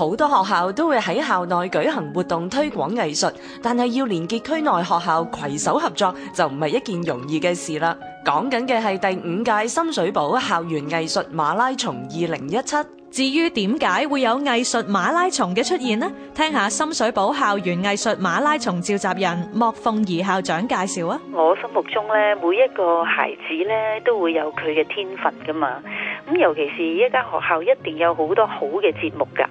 好多學校都會喺校內舉行活動，推廣藝術，但係要連結區內學校攜手合作，就唔係一件容易嘅事啦。講緊嘅係第五屆深水埗校園藝術馬拉松二零一七。至於點解會有藝術馬拉松嘅出現呢？聽下深水埗校園藝術馬拉松召集人莫鳳儀校長介紹啊！我心目中咧，每一個孩子咧，都會有佢嘅天分㗎嘛。咁尤其是一間學校一定有好多好嘅節目噶，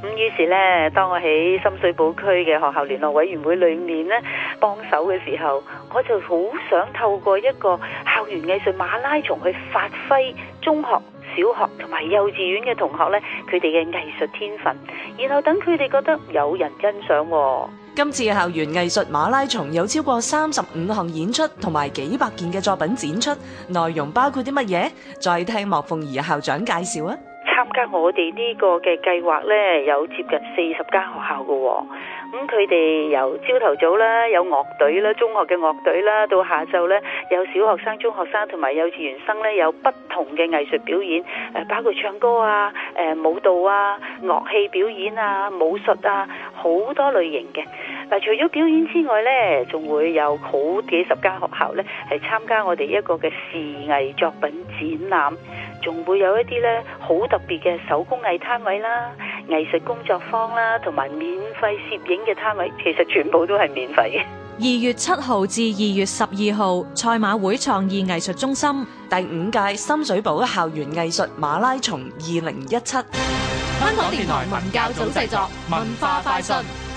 咁於是呢，當我喺深水埗區嘅學校聯絡委員會裏面呢，幫手嘅時候，我就好想透過一個校園藝術馬拉松去發揮中學。小學同埋幼稚園嘅同學咧，佢哋嘅藝術天分，然後等佢哋覺得有人欣賞。今次嘅校園藝術馬拉松有超過三十五項演出同埋幾百件嘅作品展出，內容包括啲乜嘢？再聽莫鳳儀校長介紹啊！參加我哋呢個嘅計劃咧，有接近四十間學校㗎。咁佢哋由朝頭早啦，有樂隊啦，中學嘅樂隊啦，到下晝咧有小學生、中學生同埋幼稚園生咧，有不同嘅藝術表演，誒包括唱歌啊、誒舞蹈啊、樂器表演啊、武術啊，好多類型嘅。嗱，除咗表演之外咧，仲會有好幾十間學校咧係參加我哋一個嘅視藝作品展覽，仲會有一啲咧好特別嘅手工藝攤位啦。藝術工作坊啦，同埋免費攝影嘅攤位，其實全部都係免費嘅。二月七號至二月十二號，賽馬會創意藝術中心第五屆深水埗校園藝術馬拉松二零一七。香港電台文教組製作，文化快訊。